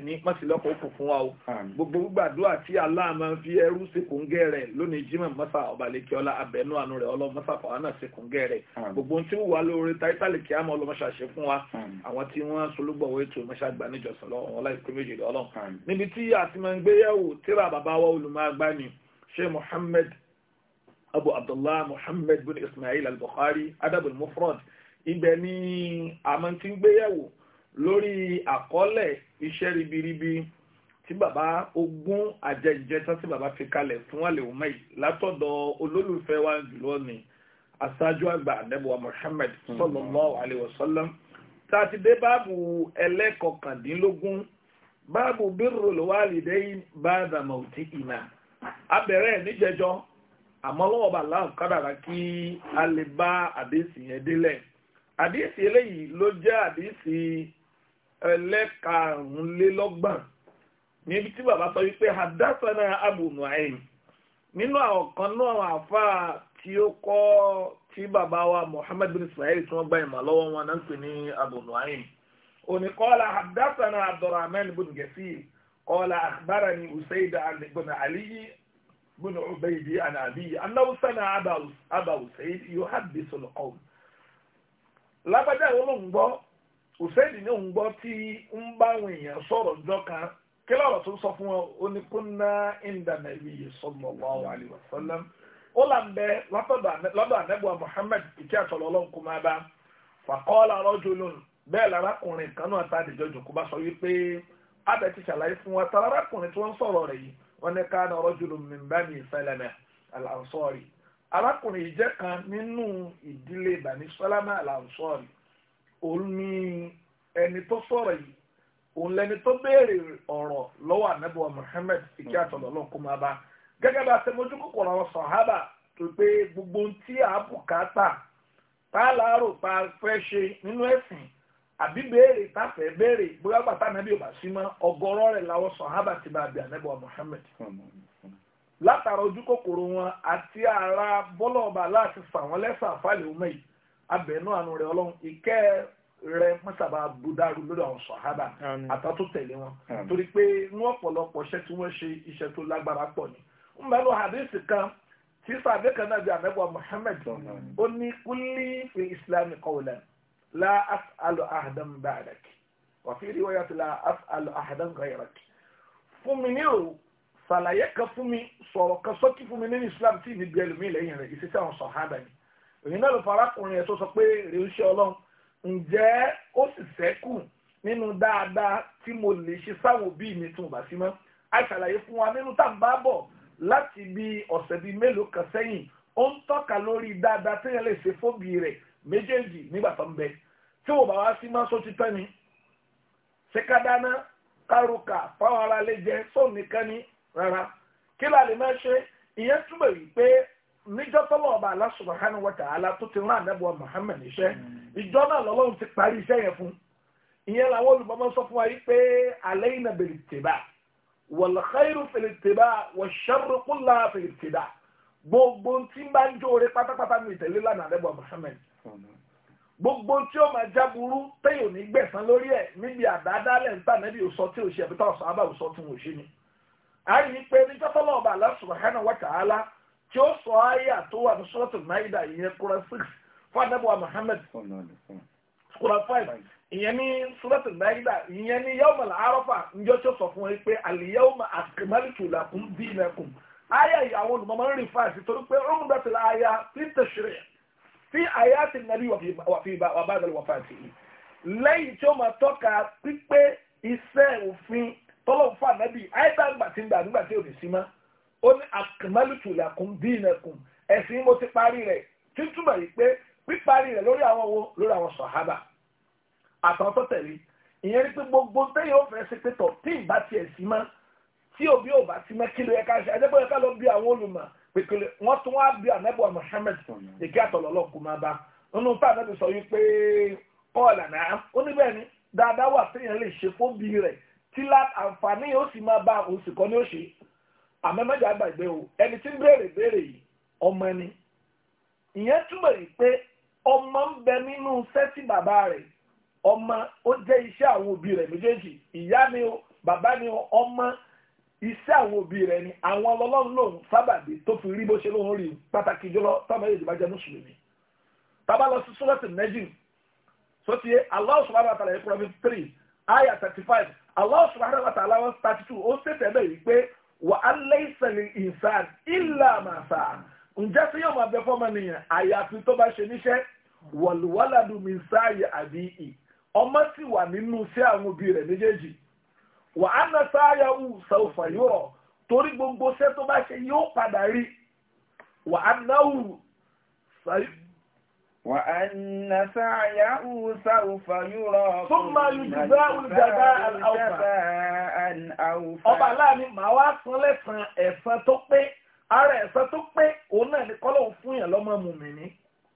sì ní mọ́sílọ́pọ̀ òkú fún wa o gbogbo gbàdúrà tí Allah máa fi ẹrú sekúngẹ́ rẹ̀ lónìí Jímọ̀ mọ́sà ọ̀bàlẹ̀kíọ́lá abẹ́nú àánú rẹ̀ ọlọ́mọ́sà fàwọn náà sekúngẹ́ rẹ̀ gbogbo tí ó wà lórí táítàlì kí á mọ́ ọlọ́mọṣà ṣe fún wa àwọn tí wọ́n solúgbọ̀wọ́ ètò mọ́ṣà gbà níjọsìn láì pé méjì lọ́lọ́ Muhammad Abu Abdullah Muhammad bin Ismail al-Bukhari adabul mufrad ibẹ̀ ni àmọ́ ti ń lórí àkọọ́lẹ̀ iṣẹ́ ribiribi tí bàbá ogún àjẹjẹta tí bàbá fi kalẹ̀ fún àlèhùnmá yìí látọ̀dọ̀ olólùfẹ́ wa jùlọ ni aṣáájú àgbà àdẹ́bùwà Muhammad hmm. sallallahu alaihi wasallam tá a ti dé báàbù ẹlẹ́kọkàndínlógún báàbù birrul walidayn ba'da mawti'ina abẹ̀rẹ̀ níjẹjọ́ àmọ́ lọ́wọ́ bá láàrùn kádàrá kí a lè bá àdéhìsì yẹn délẹ̀ àdéhìsì eléyìí ló jẹ́ àdéhìsì ẹlẹ́karùnlélọ́gbọ̀n níbi tí bàbá sọ wípé hadassana abu nuaim nínú àwọn kan náà àáfàá tí ó kọ́ tí bàbá wa muhammad bin ismail tí wọ́n gba ìmọ̀ lọ́wọ́ wọn náà ń pè ní abu nuaim oníkọ́lá hadassana abdulrahman bin gasir kọ́lá akhbarani usaid bin aliyi bin ubaydi aba usaid Hussein ní òun gbọ́ tí ń bá àwọn èèyàn sọ̀rọ̀ jọ kan kí lọ́rọ̀ tó sọ fún wọn ó ní kunna inda nabiyyi sallallahu ó là ń bẹ lọ́dọ̀ ànẹ́bùwà Muhammad ìkí àtọ̀lọ́ máa bá bẹ́ẹ̀ sọ wípé abẹ ti ṣàlàyé fún tara tí wọ́n sọ̀rọ̀ rẹ̀ yìí wọ́n ní arákùnrin yìí jẹ́ kan nínú ìdílé òun ni ẹni tó sọ̀rọ̀ yìí òun lẹni tó béèrè ọ̀rọ̀ lọ́wọ́ ànábọ̀ atololo ìkí hmm. àtọ̀lọ́lọ́ kó máa bá gẹ́gẹ́ bá a gbogbo ohun tí a bùkátà tá a pa fẹ́ ṣe nínú ẹ̀sìn àbí béèrè táfẹ́ béèrè bóyá bàtà ànábì òbá sí mọ́ ọgọ́rọ́ rẹ̀ ti bá bí ànábọ̀ Muhammad látara ojú wọn àti ara bọ́lọ̀ ọba láti fà wọ́n abẹnú àánú rẹ ọlọ́run ìkẹ́ rẹ mọ́sàbà budaru lórí àwọn sọ̀hábà àtàtò tẹ̀lé wọn torí pé ní ọ̀pọ̀lọpọ̀ iṣẹ́ tí wọ́n ṣe iṣẹ́ tó lágbára pọ̀ ni ń bá lọ hadith kan tí sàbẹ̀ kan náà bí àmẹ́bọ̀ Muhammad ó ní kúlí fi islam kọ́wọ́lẹ̀ la as'alu ahadan ba'dak wa fi riwayat la as'alu ahadan ghayrak fún mi ní o ṣàlàyé kan fún mi sọ̀rọ̀ kan sọ́kì fún mi nínú islam tí ìbí ẹlòmíì lẹ́yìn rẹ̀ ìṣẹ́sẹ́ àwọn sọ̀hábà ni èyí náà ló farakùnrin yẹn tó sọ pé èrè ń ṣe ọlọ́run ǹjẹ́ ó sì sẹ́kù nínú dáadáa tí mo lè ṣe sáwọn òbí mi tún bá sí mọ́ àṣàlàyé fún wa nínú tá à ń bá bọ̀ láti bí ọ̀sẹ̀ bíi mélòó kan sẹ́yìn ó ń tọ́ka lórí dáadáa téèyàn lè ṣe fóbi rẹ̀ méjèèjì nígbà tó ń bẹ tí wò bá wá sí mọ́ sóti tán ni ṣé ká dáná ká roka fáwọn aráalé jẹ sóun nìkan ni rárá kí la lè máa ṣe ìyẹn túbọ̀ wí pé níjọ́ tọ́lọ̀ ọba Allah subhanahu wa ta'ala tó ti rán ànábọ̀ Muhammad níṣẹ́ hmm. ìjọ náà lọ́lọ́run ti parí iṣẹ́ yẹn fún ìyẹn làwọn olùbọ́mọ sọ fún wa yìí pé alayna bil ittiba' wal khayru fil ittiba' wash sharru kulluhu fil ittiba' gbogbo tí bá ń jóore pátápátá ní ìtẹ̀lé lánàá ànábọ̀ Muhammad gbogbo tí ó máa jáburú téyò ní gbẹ̀sán lórí ẹ̀ níbi àdádálẹ̀ nípa nẹ́bí òsọ tí òṣèlú tó ọ̀sán abáwòsọ tún òṣèlú. a rí pé níjọ́ tọ́lọ́ ọba Allah subhanahu wa ta'ala tí ó sọ ayé àtọwà ní sọ́ọ̀tù náírà ìyẹn kura six fún adábọ̀wá Muhammad kura five ìyẹn ní sọ́ọ̀tù náírà ìyẹn ní yawm al-arafa njọ́ tí ó sọ fún ẹ pé al-yawma akmaltu lakum dinakum ayé ìyàwó ni mọ̀mọ́ rìn fáàsì torí pé ó ń bẹ̀ tẹ̀lé ayé tí tẹ̀sírẹ̀ tí ayé àti nàbí wà bá dàlú wà fáàsì lẹ́yìn tí ó máa tọ́ka pípé iṣẹ́ òfin tọ́lọ́ fún ànábì àyíká gbàtí gbà ó ní akmaltu lakum dinakum ẹ̀sìn mo ti parí rẹ̀ títúmọ̀ yìí pé píparí rẹ̀ lórí àwọn wo lórí àwọn sàhábà àtàwọn tó tẹ̀lé ìyẹn ni pé gbogbo téyàn ó fẹ́ ṣe pé tọ̀ tí ì bá tiẹ̀ sí mọ́ tí òbí ò bá sí mọ́ kí ló yẹ ká ṣe ẹjẹ́ bóyá ká lọ bí àwọn olùmọ̀ pèkèlè wọ́n tún wá bí ànábì Muhammad èké àtọ̀lọ́lọ́ kò máa bá nínú tá ànábì sọ yìí pé kọ́ọ̀là náà ó ní bẹ́ẹ̀ ni dáadáa wà téèyàn lè ṣe fóbi rẹ̀ tí àǹfààní yóò sì máa bá òsì kan ní òṣè agba gbàgbé o ẹni tí ń béèrè béèrè yìí ọmọ ni ìyẹn túmọ̀ yìí pé ọmọ ń bẹ nínú sẹ́tì bàbá rẹ̀ ọmọ ó jẹ́ iṣẹ́ àwọn òbí rẹ̀ méjèèjì ìyá ni o bàbá ni o ọmọ iṣẹ́ àwọn òbí rẹ̀ ni àwọn ọlọ́run lòun sábàbí tó fi rí bó ṣe lóun rí pàtàkì jùlọ tọ́mọ yìí bá mùsùlùmí tábà lọ sí sọ́tì wa alaysa lil insan illa ma sa'a ǹjẹ́ sí yóò máa bẹ fọ́mọ nìyẹn àyàfi tó bá ṣe níṣẹ́ wàlúwàládù mi sáàyè àbí ì ọmọ sì wà nínú sí àwọn òbí rẹ̀ méjèèjì wà á na sáàyà wù sàùfà yóò rọ̀ torí gbogbo iṣẹ́ tó bá ṣe yóò padà rí wà á وأن سعيه سوف يرى ثم يجزاه الجزاء الأوفى ọba láàánú màá wá san lẹ́sàn ẹ̀san tó pé ara ẹ̀san tó pé òun náà ni kọ́lọ́hún fún yàn lọ́mọ mùmìnì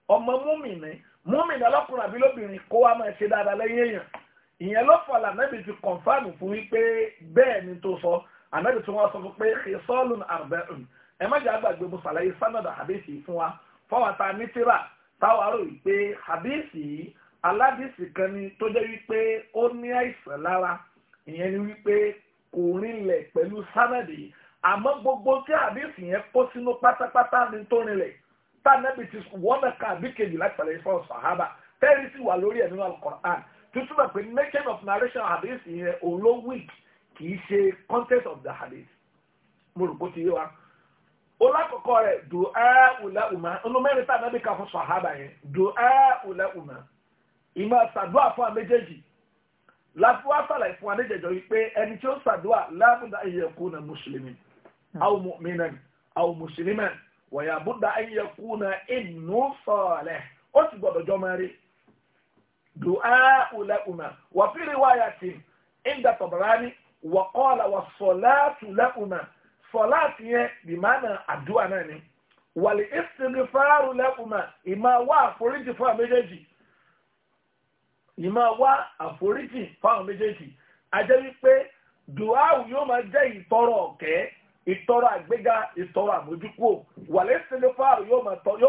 ọmọ mùmìnì mùmìnì àbí lóbìnrin kó wá máa ṣe dáadáa lẹ́yìn èèyàn ìyẹn ló fọ lànàbì ti kọ̀nfàmù fún mi pé ni tó sọ ànàbì tí wọ́n sọ fún pé kìsọ́ọ̀lù àrùbẹ̀rùn ẹ̀ má jẹ́ àgbàgbé musalaye sanadu àbẹ́sì fún wa fọwọ́ta ní tíra táwa rò wípé àdéhìsì yìí aládìsì kan ni tó jẹ́ wípé ó ní àìsàn lára ìyẹn ni wípé kò rinlẹ̀ pẹ̀lú sánàdì àmọ́ gbogbo tí àdéhìsì yẹn kó sínú pátápátá ni tó rinlẹ̀ tánàbì ti wọ́nà ká àbí kejì láti pàlẹ́ fún sàhábà tẹ́rì sì wà lórí ẹ̀ nínú al tuntun náà pé making of narration àdéhìsì yẹn òun ló wíìkì kì í ṣe content of the hadith mo rò bó ti yé wa. ụlọ akụkọ rẹ du aa ụlọ ụma ụlọ mmeri taa na ka afọ ha banye du aa ụlọ ụma ime asadu afọ amejeji lafu afala ifu anejejo ikpe ẹni tí ó sadu da ẹyẹ na musulmi hmm. awu mu'minan awu musulmi wa ya bu da na inu sọọlẹ ó ti gbọdọ jọ máa rí du aa ụlọ ụma wà fi ri wáyà tì ń da tọbarani wà ule la sọláàtì yẹn bìmánà àdúrà náà ni wàlẹ̀ ìsìnkìfàárù lẹ́kùnmá ìmọ̀ wá àforíjì fún àwọn méjèèjì ìmọ̀ wá àforíjì fún àwọn méjèèjì ajẹ́ wípé duawu yóò máa jẹ́ ìtọrọ ọ̀kẹ́ ìtọrọ àgbéga ìtọrọ àmójúkúò wàlẹ̀ ìsìnkìfàárù yóò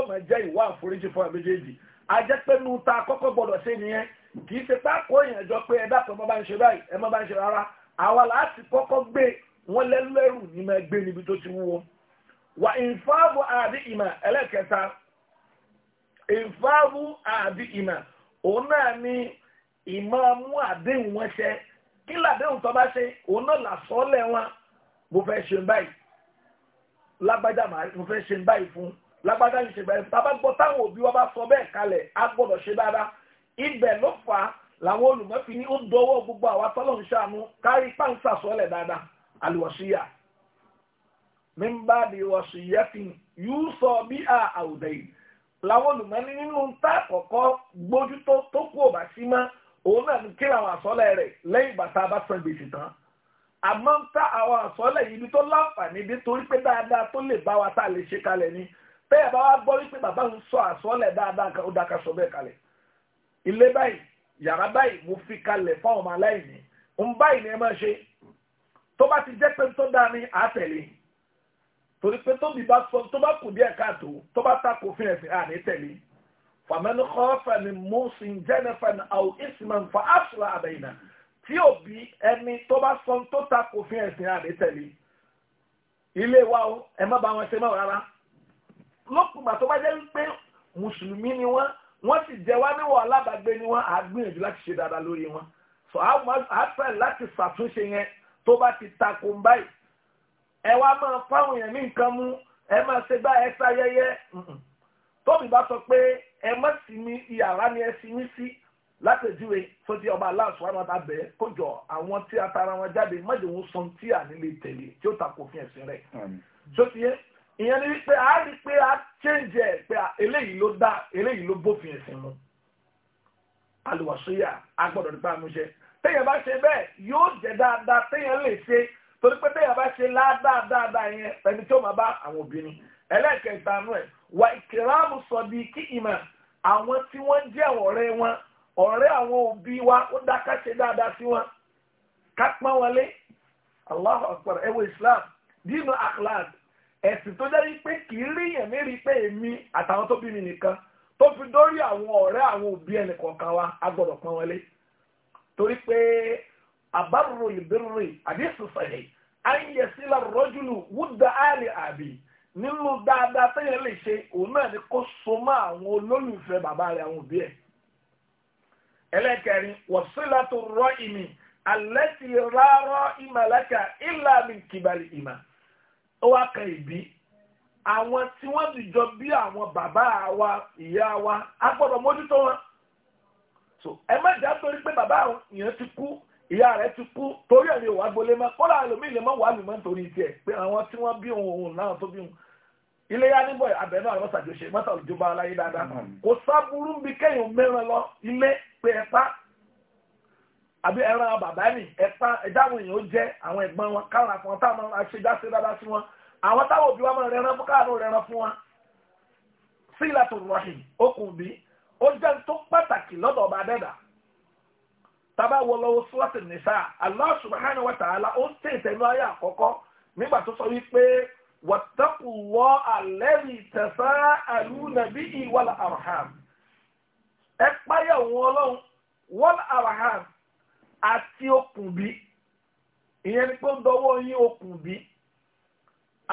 máa jẹ́ ìwá àforíjì fún àwọn méjèèjì ajẹ́ pé nu ta kọ́kọ́ gbọ́dọ̀ ṣe nìyẹn kì í ṣe pákó ìyànjọ pé ẹ dákọ̀ ẹ má bá ń ṣe báyìí ẹ má bá ń ṣe rárá àwa láti kọ́kọ́ gbé wọ́n lẹ́lẹ́rù ní máa gbé níbi tó ti wúwo wà ìfáàbù àbí ìmà ẹlẹ́kẹta ìfáàbù àbí ìmà òun náà ni ìmọ̀ mú àdéhùn wọn ṣẹ kí làdéhùn tó bá ṣe òun náà làsọ́ọ́lẹ̀ wọn mo fẹ́ ṣe báyìí lágbájá mo fẹ́ ṣe báyìí fún lágbájá yìí ṣe báyìí fún tábà gbọ́ táwọn òbí wa bá sọ bẹ́ẹ̀ kalẹ̀ á gbọ́dọ̀ ṣe dáadáa ibẹ̀ ló fà á làwọn olùmọ̀fin ní ó dọwọ́ gbogbo àwa tọ́lọ́ ń ṣàánú kárí pàǹsà sọ́ọ́lẹ̀ dáadáa àlùwàsíyà mímbà di wàsíyà fi yóò sọ bí a àwùdẹ yìí làwọn olùmọ́ni nínú ta kọ̀kọ́ gbójútó tó kú ò bá sí mọ́ òun náà ní kí làwọn àsọ́lẹ̀ rẹ̀ lẹ́yìn bàtà bá san gbèsè tán àmọ́ ń àwọn àsọ́lẹ̀ yìí ibi tó láǹfààní bí torí pé dáadáa tó lè bá wa tá a lè ṣe kalẹ̀ ni bẹ́ẹ̀ bá wá gbọ́ wípé bàbá ń sọ àsọ́lẹ̀ dáadáa kan ó dáa sọ bẹ́ẹ̀ kalẹ̀ ilé báyìí yàrá báyìí mo fi kalẹ̀ fáwọn ọmọ aláìní ń báyìí ni ẹ máa ṣe tó bá ti jẹ́ pé tó dáa ní àtẹ̀lé torí pé tóbi bá sọ tó bá kù díẹ̀ káàtó tó bá ta kò fún ẹ̀sìn àní tẹ̀lé fàmẹ́nu kọ́fẹ́ ni mùsùn jẹ́nẹ́fẹ́ ni àwọn ìsìnmọ̀ nfa àṣùrà àbẹ̀yìnà tí òbí ẹni tó bá sọ tó ta kò fún ẹ̀sìn àní tẹ̀lé ilé wa o ẹ má bá wọn ṣe mọ́ rárá lókùnbà tó bá jẹ́ pé mùsùlùmí ni wọ́n wọ́n sì jẹ́ wá níwọ̀ alábàgbé ni wọ́n àgbìyànjú láti ṣe dáadáa lórí wọn so àá fẹ́ láti ṣàtúnṣe yẹn tó bá ti takò ń báyìí ẹ wá máa fáwọn èèyàn ní nǹkan mú ẹ máa ṣe bá ẹ ṣayẹyẹ tóbi bá sọ pé ẹ má sì ní iyàrá ni ẹ sì ní sí látẹ̀júwe sọ́jí ọba aláṣọ àwọn àtàbẹ̀ kọjọ àwọn tí a tara wọn jáde mọ́jọ̀wọ́ sọ́n tí à nílé tẹ̀lé tí ó takò fi ẹ̀sìn rẹ̀ yẹn ìyẹn ni wípé a rí pé a change ẹ̀ pé eléyìí ló dá eléyìí ló bófin ẹ̀sìn mu alùwàsóyà agbọ́dọ̀ nípa àmúṣe téèyàn bá ṣe bẹ́ẹ̀ yóò jẹ́ dáadáa téèyàn lè ṣe torí pé téèyàn bá ṣe dáadáa yẹn ẹni tí ó máa bá àwọn obìnrin ẹlẹ́ẹ̀kẹta nù ẹ̀ wà ìkìlámù sọ di kí ìmọ̀ àwọn tí wọ́n jẹ́ ọ̀rẹ́ wọn ọ̀rẹ́ àwọn òbí wa ó dáká ṣe dáadáa sí wọn ká pọ́n wọlé Allahu akbar ẹ wo Islam dínú akhlaq ẹ̀sìn tó jẹ́ wípé kì í rí yẹn mérí pé èmi àtàwọn tó bí mi nìkan tó fi dórí àwọn ọ̀rẹ́ àwọn òbí ẹnìkọ̀ọ̀kan wa a pọ́n wọlé torí pé àbárò ìbírì àdéhùn sọ̀rọ̀ àyẹ̀sílà rọ́júlù wúdà áàlì àbí nínú dáadáa téèyàn lè ṣe òun náà ni kó so mọ́ àwọn olólùfẹ́ bàbá rẹ̀ àwọn òbí ẹ̀. ẹlẹ́kẹ̀rin wọ̀sílà tó rọ ìmì alẹ́ ti rárọ́ ìmàlẹ́kà ìlà mi kìbàlì ìmà ó wá kan ìbí àwọn tí wọ́n ti jọ bí àwọn bàbá wa ìyá wa á mójútó wọn so ẹ má jà torí pé bàbá yẹn ti kú ìyá rẹ ti kú torí ẹ̀ ní ìwà gbolé mọ́ kọ́lá ẹlòmíì lè mọ́ wà lùmọ́ nítorí tiẹ̀ pé àwọn tí wọ́n bí òun òun náà tó bí òun iléyà níbọ̀ abẹ́nú àwọn sàjọṣe mọ́tà òjòba aláyé dáadáa kò sábúrú bí kéèyàn mẹ́rin lọ ilé pé ẹ̀pá àbí ẹran bàbá nì ẹ̀pá ẹ̀dá àwọn èèyàn jẹ́ àwọn ẹ̀gbọ́n wọn kára fún wọn táwọn aṣèjáṣe dáadáa sí wọn àwọn táwọn òbí wọn máa rẹran fún káàánú rẹran fún wọn sílẹ̀ tó rọ̀hìn okùn bíi ó jẹ́ tó pàtàkì lọ́dọ̀ ọba dẹ́dà tábà wọ lọ́wọ́ sọ́ọ̀tì nìṣá Allah subhanahu wa ta'ala ó ń tẹ̀ ìtẹ̀nu ayé àkọ́kọ́ nígbà tó sọ wípé wàtàkù wọ alladhi tasa'aluna bihi wal arham ẹ páyà òun ọlọ́run wal arham àti okùn bí ìyẹn ni pé ó dọwọ́ yín okùn bí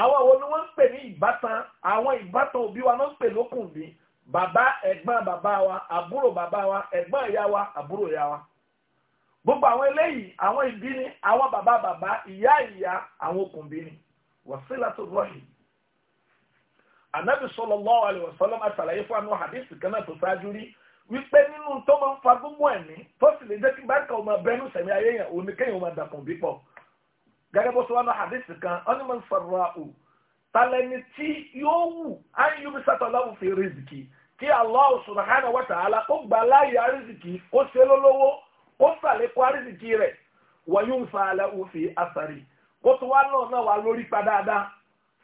àwọn àwọn ni wọ́n ń pè ní ìbátan àwọn ìbátan òbí wa náà ń pè lókùn bí bàbá ẹ̀gbọ́n bàbá wa àbúrò bàbá wa ẹ̀gbọ́n ìyá wa àbúrò ìyá wa gbogbo àwọn eléyìí àwọn ìbí ni àwọn bàbá bàbá ìyá ìyá àwọn okùnbí ni wasilatu rahim anabi sallallahu alaihi wasallam àṣàlàyé fún àwọn hadith kan náà tó ṣáájú rí wípé nínú tó máa ń fa gbogbo ẹ̀mí tó sì lè jẹ́ kí báńkà ọmọ abẹ́nú sẹ̀mí ayé yẹn òní kéèyàn máa dàkùn bí pọ̀ gẹ́gẹ́ bó ṣe wá náà hadith kan ọ́nìmọ̀ sọ̀rọ̀ talẹni tí yóò wù áyí yóò fi sàtọ̀ láwù fi rìzìkì kí Allah subhanahu wa ta'ala kó gbà láàyè àrìzìkì kó ṣe lólówó kó sàlékún àrìzìkì rẹ̀ wọ̀nyí ń fa alẹ́ òfin asàrí kó tó wá náà náà wà lórí pa dáadáa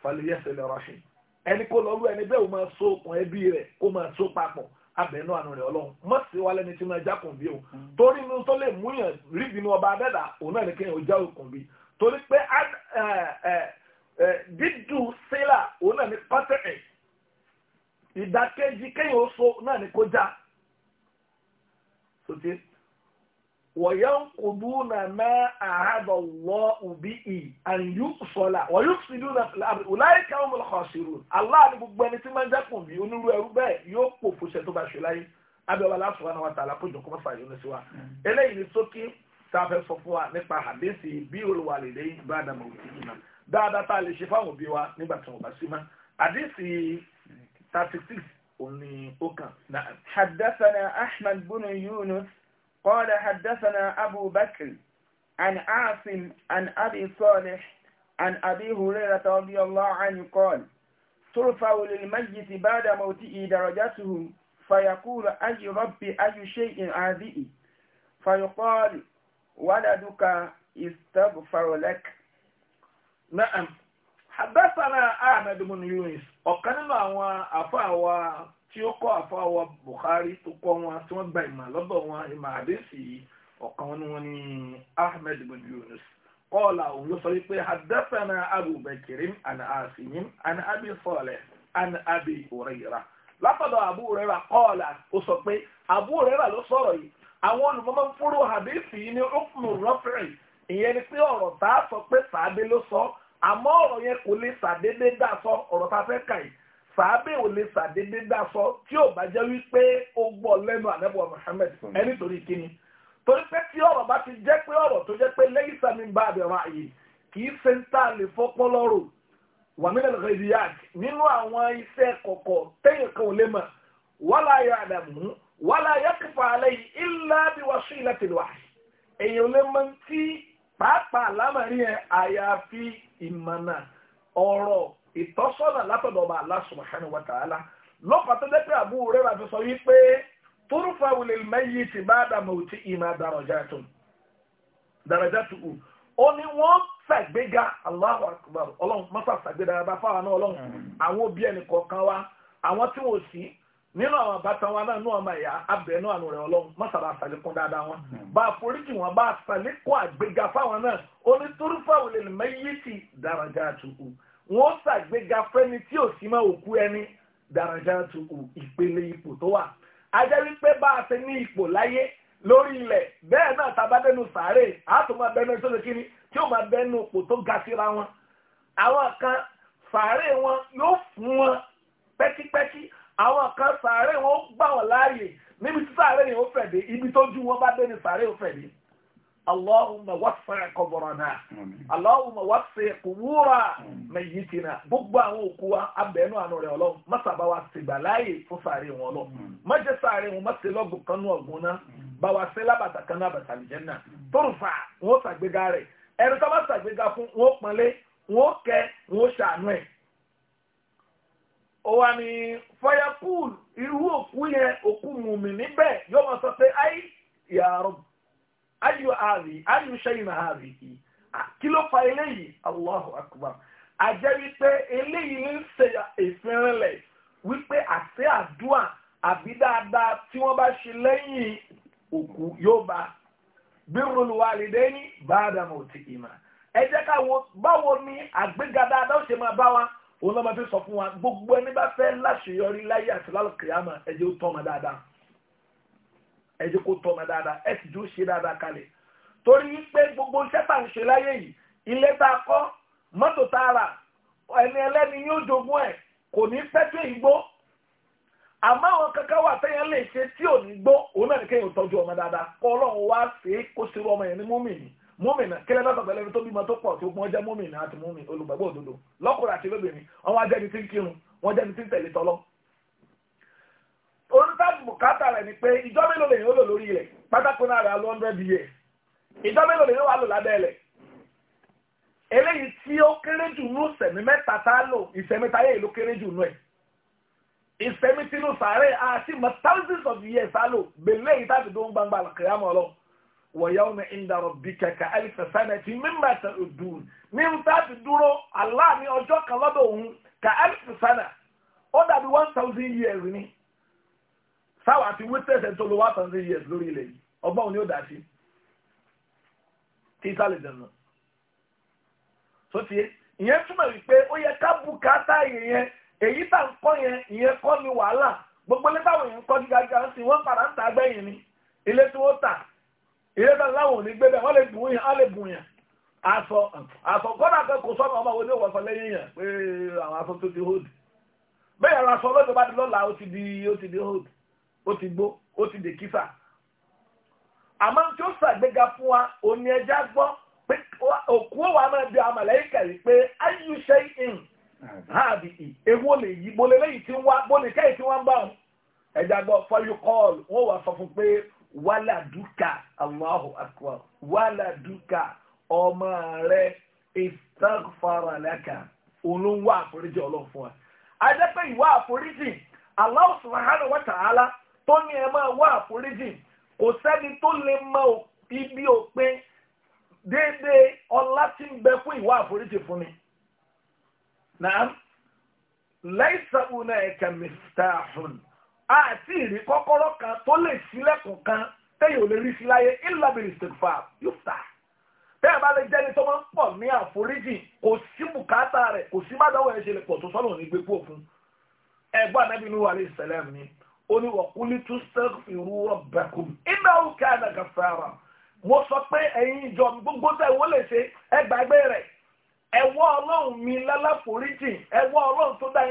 fàlẹ́yẹsẹ̀ lè rọ́ṣìn ẹni kó lọ́rú ẹni bẹ́ẹ̀ ó máa so okùn ẹbí rẹ̀ kó máa so papọ̀ abẹ́nú àánú rẹ̀ ọlọ́run mọ̀ wa lẹ́ni tí máa jákùn bí o mm. torí inú tó lè múyàn rí bínú ọba abẹ́dà òun náà ní kéèyàn ó já okùn bí torí pé eh, eh, dídùn sílà òun náà ní pátẹ́ẹ̀ ìdákẹ́jì kéèyàn ó so náà ní kó já sotí wọ̀yán kùdú na máa àhàbọ̀ wọ́ òbí ì àyù sọ́là wọ̀yú sílú na ọ̀láyé káwọn mọ̀lọ́kọ̀ ṣèrò aláàánú gbogbo ẹni tí máa ń jákùn bí onírú ẹrú bẹ́ẹ̀ yóò pò fòṣẹ tó bá ṣe láyé abẹ́wà lásùwà náà wà tààlà kó jọ kó mọ́sá yóò sí wa hmm. eléyìí ni sókè tá a fẹ́ sọ fún wa nípa àdéhùn bí olùwàlẹ̀ lẹ́yìn bá dàmọ̀ òtí yìí náà dáadáa tá a lè ṣe fáwọn òbí wa nígbà tí wọn bá sí ma àdìsí thirty six òní ó kàn. حدثنا أحمد بن يونس قال حدثنا أبو بكر عن عاصم عن أبي صالح عن أبي هريرة رضي الله عنه قال ترفع للميت بعد موته درجته فيقول أي رب أي شيء هذه فيقال ولدك استغفر لك na'am hadasana ahmed bin yunus ọ̀kan nínú àwọn àfàwà tí ó kọ́ àfàwà bukhari tó kọ́ wọn tí wọ́n gba ìmọ̀ lọ́dọ̀ wọn ìmọ̀ àdéhìsì ọ̀kan wọn ni wọ́n ní ahmed bin yunus kọ́ọ̀là òun ló sọ wípé hadasana abubakar an asinim an abi saleh an abi hurayra látọ̀dọ̀ abu hurayra kọ́ọ̀là ó sọ pé abu hurayra ló sọ̀rọ̀ yìí àwọn olùmọ́mọ́ fúru àdéhìsì yìí ní ọkùnrin rọ́fẹ̀rẹ̀ ìyẹn ni pé ọ̀rọ̀ tá a sọ pé sàábé ló sọ àmọ́ ọ̀rọ̀ yẹn kò lè sàdédé dà sọ ọ̀rọ̀ tá a fẹ́ kà yìí sàábé ò lè sàdédé dà sọ tí ò bá jẹ́ wípé ó gbọ́ lẹ́nu ànábọ̀ Muhammad hmm. ẹni torí kíni torí pé tí ọ̀rọ̀ bá ti jẹ́ pé ọ̀rọ̀ tó jẹ́ pé lẹ́yìn sami bá àbẹ̀rẹ̀ àyè kì í ṣe ń tà lè fọ́pọ́ lọ́rùn wàmínà lọ́kọ̀ nínú àwọn pàápàá alámàrí ẹ àyàfi ìmọ̀nà ọ̀rọ̀ ìtọ́sọ́nà látọ̀dọ̀ ọba Allah subhanahu wa ta'ala lọ́pàá tó dé pé Abu Hurairah ti sọ wípé turufa wulil mayyiti ba'da mawtihi ma darajatun darajatuhu ó ní wọ́n ṣàgbéga Allahu akbar ọlọ́run mọ́sà bá fáwọn náà ọlọ́run hmm. àwọn òbí ẹnì kọ̀ọ̀kan wa àwọn tí wọ́n sì nínú àwọn àbátan wa náà nú ọmọ ẹ̀yà abẹ̀ẹ́nú àánú rẹ̀ ọlọ́run mọ́sàbà àsàlẹ̀kùn dáadáa wọn hmm. bá a foríjì wọn bá àsàlẹ̀kùn àgbéga fáwọn náà onítúrúfà òlè lè mẹ́yìtì dàrájà àtùkù wọn ó ṣàgbéga fẹ́ni tí ò sí mọ́ òkú ẹni dàrájà àtùkù ìpele ipò tó wà. a jẹ́ wípé bá a ṣe ní ipò láyé lórí ilẹ̀ bẹ́ẹ̀ náà tá a bá dẹnu sàárè á tó máa bẹnu ẹjọ́ lè tí ó máa bẹnu òpò tó ga síra wọn. àwọn kan sàárè wọn yóò fún wọn pẹ́kípẹ́kí àwọn kan sàárè wọn gbà wọn láàyè níbi tí sàárè yẹn ó ibi tó ju wọn bá dé ni sàárè ó fẹ̀ dé allahumma wasa kọbọrọna allahumma gbogbo àwọn òkú wa àánú Ọlọ́run wa láàyè fún sàárè wọn lọ má jẹ́ sàárè wọn náà bá wa ṣe lábàtà kanú wọn ó ó wá ní fayakul irú òkú yẹn òkú mùmí níbẹ̀ yóò máa sọ pé ayé yàrá ayé àrí ayé sẹ́yìn àrí yìí kí ló fa eléyìí allahu akbar àjẹ́ wípé eléyìí ń ṣe ìfinrinlẹ̀ wípé àṣẹ àdúà àbí dáadáa tí wọ́n bá ṣe lẹ́yìn òkú yóò bá birrul walidaini ba'da mawtihima ẹ jẹ́ ká wo báwo ni àgbéga dáadáa ó ṣe máa bá wa òun náà máa sọ fún wa gbogbo ẹni bá fẹ́ láṣeyọrí láyé àti lálùkìyàmà ẹ ọmọ dáadáa ọmọ dáadáa ṣe dáadáa kalẹ̀ torí pé gbogbo iṣẹ́ tá à ń ṣe láyé yìí ilé tá a kọ́ mọ́tò tá a rà ẹni ẹlẹ́ni yóò jogún ẹ̀ kò ní pẹ́jọ́ ìgbó àmọ́ àwọn kankan wà tẹ́yàn lè ṣe tí ò ní gbó òun náà ọmọ mọ́mìnà kílẹ̀ náà tọ̀gbẹ́lẹ́ ní tó bímọ tó pọ̀ tí ó pọ́n jẹ́ mọ́mìnà àti mọ́mìn olùgbàgbọ́ òdodo lọ́kùnrin àti lóbìnrin àwọn ajẹ́ni tí ń kírun wọ́n jẹ́ni tí ń tẹ̀lé tọ́lọ́. onítàbí bùkátà rẹ̀ ni pé ìjọ mélòó lèyìn ó lò lórí rẹ̀ pátákó náà rẹ̀ ló hundred years ìjọ mélòó lèyìn ó wà lò lábẹ́ rẹ̀ eléyìí tí ó kéré jù nú ìsẹ̀mí mẹ́ta tá a lò ìsẹ̀mí táyé ìlú kéré jù nú thousands of years tá a lò bèlè yìí tá a ti dún wọ̀yọ́mọ̀ ìndàrọ̀ bí ka àlìfẹ́ sánẹ̀tì mímọ̀ ẹ̀sẹ̀ ọdún ní nta ti dúró Allah ní ọjọ́ kan lọ́dọ̀ òun ka àlìfẹ́ sánà dabi one thousand years ni Sawa àti wítẹ̀sẹ̀ tó lo one years lori ilẹ̀ yìí ọgbọ́n òun ni Ti dà sí tí sálẹ̀ dẹ̀ náà tó tiẹ̀ ìyẹn ka wípé ó yẹ ká gbogbo ta ni ìyẹn náà láwọn ò ní gbé bẹ́ẹ̀ wọ́n lè bùn yàn á lè bùn yàn aṣọ aṣọ kọ́nà kan kò sọ́nà ọmọ wo ni òwòsàn lẹ́yìn yàn pé àwọn aṣọ tó ti hold bẹ́ẹ̀ yàrá aṣọ lọ́dọ̀ bá di lọ́la ó ti di ó ti di hold ó ti gbó ó ti di kífà àmọ́ tí ó ṣàgbéga fún wa òní ẹja gbọ́ pé òkú wa máa di àmàlẹ́yìnkà yìí pé ayúṣe in háàbì ì ewo lè yí bolè lẹ́yìn tí wọ́n bolè kẹ́yìn tí wọ́n bá wọn ẹja gbọ́ fọyín kọ́ọ̀lù wọ́n wà sọ fún pé duka Allahu akbar wàlàdùkà ọmọ rẹ ìsàfàràlàkà olùwà àforíjì ọlọ́fun wa. adẹ́pẹ́ ìwà àforíjì Allah subhanahu wa ta'ala tó ní ẹ máa wá àforíjì kò sẹ́ni tó lè mọ ibi òpin déédéé ọlá tí ń bẹ fún ìwà àforíjì fún àti ìrí kọ́kọ́rọ́ kan tó lè sílẹ̀kùn kan téèyàn lè rí sí láyé ìlàbìrì sèkfà yóò bẹ́ẹ̀ bá lè jẹ́ni tó máa ń pọ̀ ní àforíjì kò sí bùkátà rẹ̀ kò sí bàdáwọ̀ ẹ̀ ṣe lè pọ̀ tó sọ́nà ní gbé pọ̀ fún ẹgbẹ́ anábìnú wa mi ó ní wọ̀kúlí tún iná òkè sọ pé ẹ̀yin ìjọ gbogbo tẹ̀ wọ́n lè ṣe ẹgbàgbé rẹ̀ ọlọ́run mi lálàforíjì ọlọ́run tó dá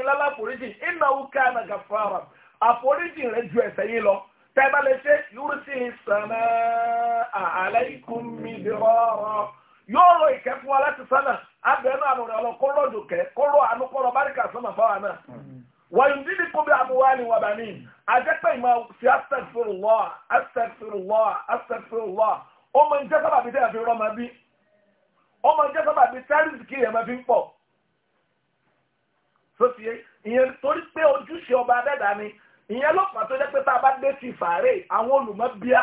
àforíjì rẹ̀ ju ẹ̀ṣẹ̀ yín lọ tẹ́bá lè ṣe yúrísì sàmà alaykum midrara yóò rọ ìkẹ́ fún wa láti sánà abẹ́nú àmọ̀rẹ́ ọlọ kó rọ̀jò kẹ́ kó rọ àánú kó rọ báríkà sọ́mà fáwa náà. wàyùn dídí kó bí amúwáni wà bá ní ajẹ́pẹ́ ìmọ̀ sí astaghfirullah astaghfirullah astaghfirullah ó mọ njẹ́ sábà bíi tẹ́lẹ̀ fi rọ́ bí ó mọ sábà bíi tẹ́lẹ̀ kí èèyàn fi ń pọ̀. sọ́sì ìyẹn torí pé ojúṣe ọba adẹ́dàá ni ìyẹn ló pàtó jẹ́ pé tá a bá dé sí fàárè àwọn olùmọ̀bíà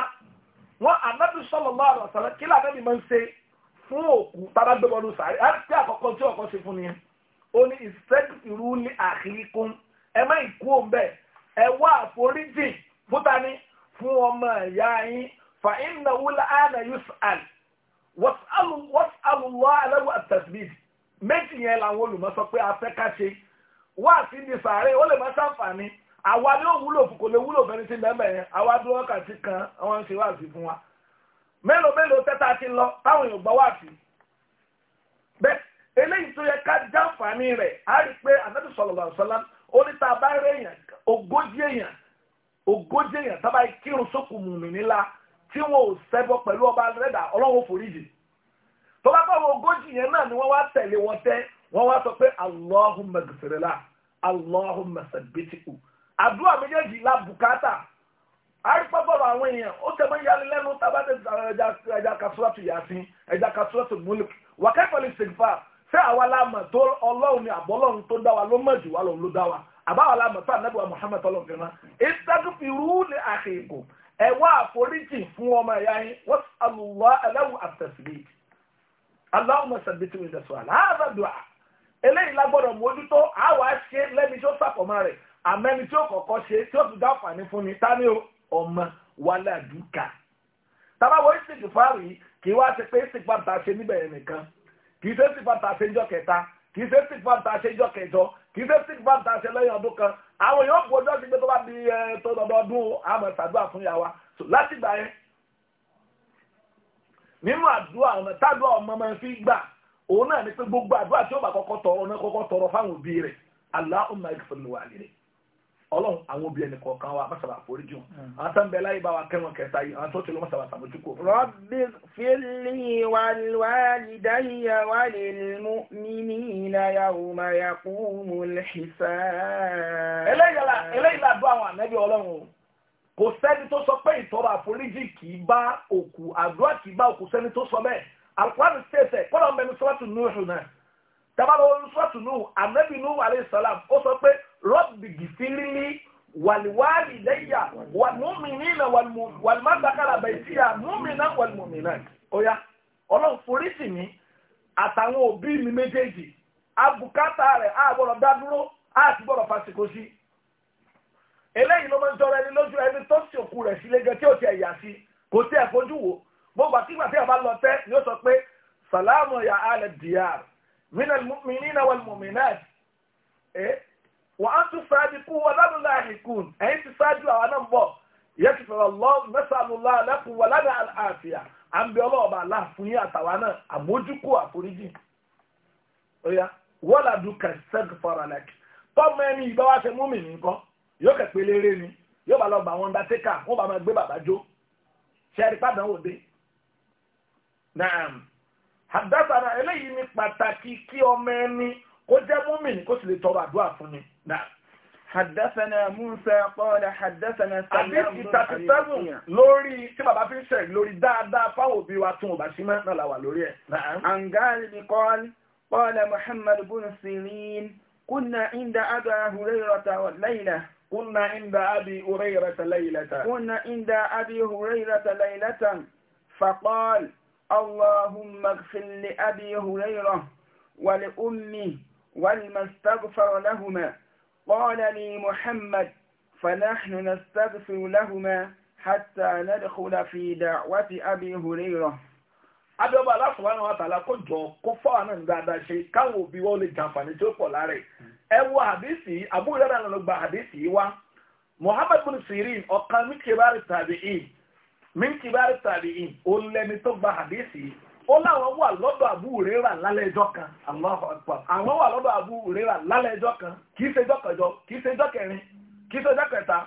wọn ànábì sallallahu alaihi wasallam kí làbẹ́bí máa ń ṣe fún òkú tá a bá gbé bọ́ọ̀lù fàárè á ti àkọ́kọ́ tí ọkọ̀ ṣe fún nìyẹn ó ní ìṣẹ́kìrú ní àkìlíkún ẹ má ìkú òun bẹ́ẹ̀ ẹ wá àforíjì fúta ní fún ọmọ ìyá yín fa inna wula ana yus'al was'alu was'alu Allah alahu méjì yẹn làwọn olùmọ̀ sọ pé afẹ́ ká wá àti ní fàárè ó lè má ṣàǹfààní àwa ni ó wúlò fún kò lè wúlò fẹ́ni sí bẹ́ẹ̀ bẹ́ẹ̀ àwa dúró wákàtí kan àwọn ń ṣe wáàsí fún wa mélòó mélòó tẹ́tà ti lọ táwọn èèyàn gbọ́ wáàsí bẹ́ẹ̀ eléyìí tó yẹ ká jáǹfààní rẹ̀ á rí i pé ànábì sallallahu alaihi wasallam ó ní bá rẹ̀ èèyàn ogójì èèyàn ogójì èèyàn tá kírun sókùn mùmí nílá tí wọn ò ṣẹbọ pẹ̀lú ọba rẹ̀dà ọlọ́wọ́ foríjì tó ni wọ́n wá tẹ̀lé wọn tẹ́ wọ́n wá sọ pé Allahumma ghfirlah Allahumma àdúrà méjèèjì la bùkátà àrípàbọ̀rọ̀ àwọn èèyàn ó tẹ̀mọ́ yálé lẹ́nu tábàdé ẹja kasuratu yasin ẹja kasuratu mulk wàkẹ́fọ̀lì sèkfà ṣé àwa la awa tó ọlọ́run ni àbọ́lọ́run tó dá wa ló mọ̀ jù wá ló dá wa àbáwa la tó ànábì wa Muhammad ọlọ́run fẹ́ràn ìtàkùfìrú ni àkèkò ẹ àforíjì fún ọmọ ẹ̀yà yín wọ́n alùwà àmẹ́ni tí ó kọ́kọ́ ṣe tí ó fi dá àǹfààní fún mi ta ni ọmọ wàhálà dúkà tábàwọ̀ ìsìnkú fáàrù yìí kì í wá ṣe pé ìsìnkú bá ta ṣe níbẹ̀rẹ̀ nìkan kì í ṣe ìsìnkú bá ta ṣe níjọ́ kẹta kì í ṣe six five tá a ṣe jọ kẹjọ kì í ṣe six five tá ṣe lẹ́yìn ọdún kan àwọn èèyàn kò ọjọ́ sí pé tó bá di ẹ tó dọdọọdún àmọ́ ṣàdúrà fún yà wa láti gbà yẹn nínú àdúrà ọ̀nà tádùá ọmọ máa fi gbà òun náà ni pé gbogbo àdúrà tí ó bá kọ́kọ́ tọrọ náà kọ́kọ́ tọrọ fáwọn òbí rẹ̀ Allahumma ighfir li walidayya ọlọ́run àwọn obìnrin ẹnì kọ̀ọ̀kan wa masaba àforíjì wọn hmm. àwọn tó ń bẹ láyé bá wa kẹ́wọn kẹta yìí àwọn tó ti lọ masaba àtàmójú kò. rọ́bì fílì wàlìdáyà wàlìmùmínà yawma yaqumul hisab. eléyìí la dún àwọn ànábì ọlọ́run o kò sẹ́ni tó sọ pé ìtọ́rọ àforíjì kì í bá òkú àdúrà kì í bá òkú sẹ́ni tó sọ bẹ́ẹ̀ alukóhánì ṣèṣe kọ́nà mẹ́nu sọ́tù nùhùn rọ́bì gìfìrìlì wàlúwàlì lẹ́yà wàlúmìnì náà wàlúmọ́dàkàrà bẹ̀síà múmìnà wàlúmìnà ọ̀yà ọlọ́run foríṣì mi àtàwọn òbí mi méjèèjì abùkátà rẹ̀ àgbọ̀rọ̀ dádúró àti gbọ́dọ̀ fásikò sí eléyìí ló máa ń tọrọ ẹni lójú ẹni tó sì òkú rẹ̀ sílé gan tí ó ti ẹ̀yà sí kò tí ẹ̀ fojú wò gbogbo àtìgbà tí a bá lọ tẹ́ ni ó sọ pé salamu ya alẹ́ dr minal mu'minina wal mu'minat wọ́n á tún sáájú kú wọn lánàá láàrin kù ẹ̀yìn ti sáájú àwọn náà ń bọ̀ ìyẹn ti sọ̀rọ̀ lọ mẹ́sàlùlá lẹ́kùn wọn lánàá àfíà à ń bẹ ọlọ́ọ̀bà aláàfin yín àtàwa náà àmójúkú àforíjì wọ́n làdùn kẹsẹ́gì fọ́ra lẹ́kì tọ́mọ ẹni ìgbà wa ṣe mú mi nìkan yóò kẹ̀ pé léré ni yóò bá lọ gbà wọn dátékà wọn bá máa gbé bàbá jó ṣẹ́ẹ́rì pàdán òde. naam eléyìí ni pàtàkì kí ọmọ ẹni kó jẹ́ mú mi ní sì lè tọrọ àdúrà fún ni. حدثنا موسى قال حدثنا سلام بن حريث لوري tí bàbá fi ń ṣe lórí dáadáa fáwọn òbí wa tún bá sí mọ́ náà la wà lórí قال قال قال محمد بن سيرين كنا عند أبا هريرة ليلة كنا عند أبي هريرة ليلة كنا عند أبي هريرة ليلة فقال اللهم اغفر لابي هريرة ولأمي ولما استغفر لهما قال لي محمد فنحن نستغفر لهما حتى ندخل في دعوة أبي هريرة abẹ́ ọba aláṣọwárán wa tààlà kó jọ kó fáwọn náà dáadáa ṣe káwọn òbí wọn lè jàǹfààní tí ó pọ̀ lára ẹ wo àdìsí àbúrò dáadáa lọ gba àdìsí wa Muhammad bin Sirin ọ̀kan min kibari tabi'in min kibari tabi'in òun lẹni tó gba àdìsí ó láwọn wà lọ́dọ̀ àbú rírà lálẹ́ ẹjọ́ kan àwọn wà lọ́dọ̀ àbú rírà lálẹ́ ẹjọ́ kan kìí ṣe ẹjọ́ kẹjọ kìí ṣe ẹjọ́ kẹrin kìí ṣe ẹjọ́ kẹta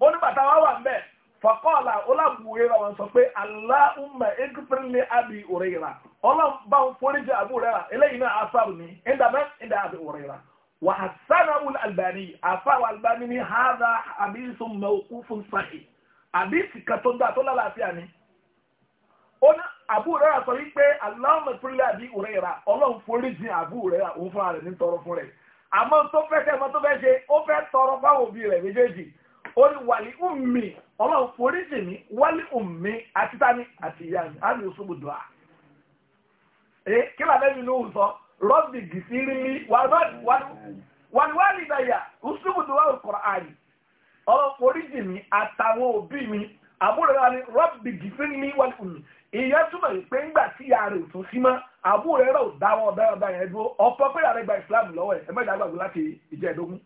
ó ní bàtà wà wà ń bẹ̀ fọkọ́ọ̀là ó lábù rírà wọn sọ pé aláhùnmá egúpẹ́rẹ́lẹ́ àbí òrìrà ọlọ́mbà ń foríjì àbú rírà eléyìí náà afárù ní ìdàmẹ́ ìdà àbí òrìrà wà á sára wù albani afárù albani ní hàdà àbí sùn mẹ́wòkú fún sàhì àbí sìkàtọ́ tó lálàáfíà ni ó ní Abu Hurairah sọ wípé Allahumma fúnlẹ̀ àbí Hurairah ọlọ́run forí jìn Abu Hurairah òun fúnra rẹ̀ ní tọrọ fún rẹ̀ àmọ́ tó fẹ́ kẹ́ ẹ mọ́ tó fẹ́ ṣe ó fẹ́ tọrọ báwo bí rẹ̀ méjèèjì ó ní wàlí ummi ọlọ́run forí jìn mí wálé ummi àti tani àti ìyá mi á ní oṣù gbọdọ̀ à. ẹ kí làbẹ́ mi ló ń sọ rọ́bì gìsìrìlì wàlúwàlì dàyà oṣù gbọdọ̀ wà àbúrò rẹ̀ ni rọ́bì gìfìrì ní wọ́n ní ìyẹn túmọ̀ pé ńgbà tí ìyá rẹ̀ tún sí mọ́ àbúrò rẹ̀ ò dáwọ́ dáadáa yẹn dúró ọ̀pọ̀ pé ìyá rẹ̀ gba ìsìlámù lọ́wọ́ ẹ̀ mẹ́ta gbàgbé láti ìjẹ́ ìdógún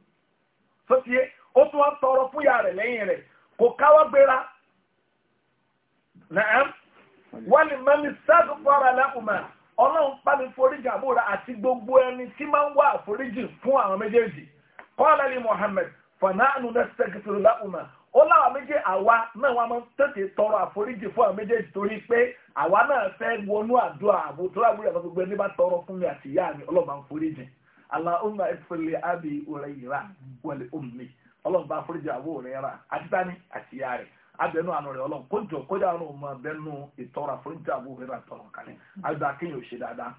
tọrọ fún ìyá rẹ lẹ́yìn rẹ kò káwọ́ gbéra wọ́n ní lẹ́kùnmá ọlọ́run pàmì foríjì àbúrò àti gbogbo ẹni tí máa ń wá àforíjì fún àwọn méjèèjì fọ̀nà lẹ́kùnmá o láwọn méjì àwa náà wọn máa tètè tọrọ àforíjì fún àwọn méjèèjì torí pé àwa náà fẹ́ wọnú àdúrà àbò tó láwùjọ àti gbogbo ẹni bá tọrọ fún mi àti ìyá mi ọlọ́ba ń foríjì Allahumma ìfẹ̀lẹ̀ àbí Hurayra wọlé ummi ọlọ́ba foríjì Abu Hurayra àti tani àti ìyá rẹ̀ abẹnú àánú rẹ Ọlọ́run kójọ kójọ àánú ọmọ abẹnú àforíjì kalẹ̀ àgbà ò ṣe dáadáa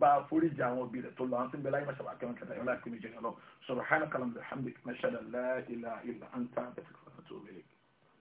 bá a foríjì àwọn òbí rẹ̀ tó lọ àwọn tí ń bẹ láyé máa ṣàbàkẹ́ wọn kẹta ìwọlá ìpínlẹ̀ jẹ́ ọlọ́ subhanaka allahumma wa bihamdika nashhadu an la ilaha illa anta astaghfiruka wa atubu ilayk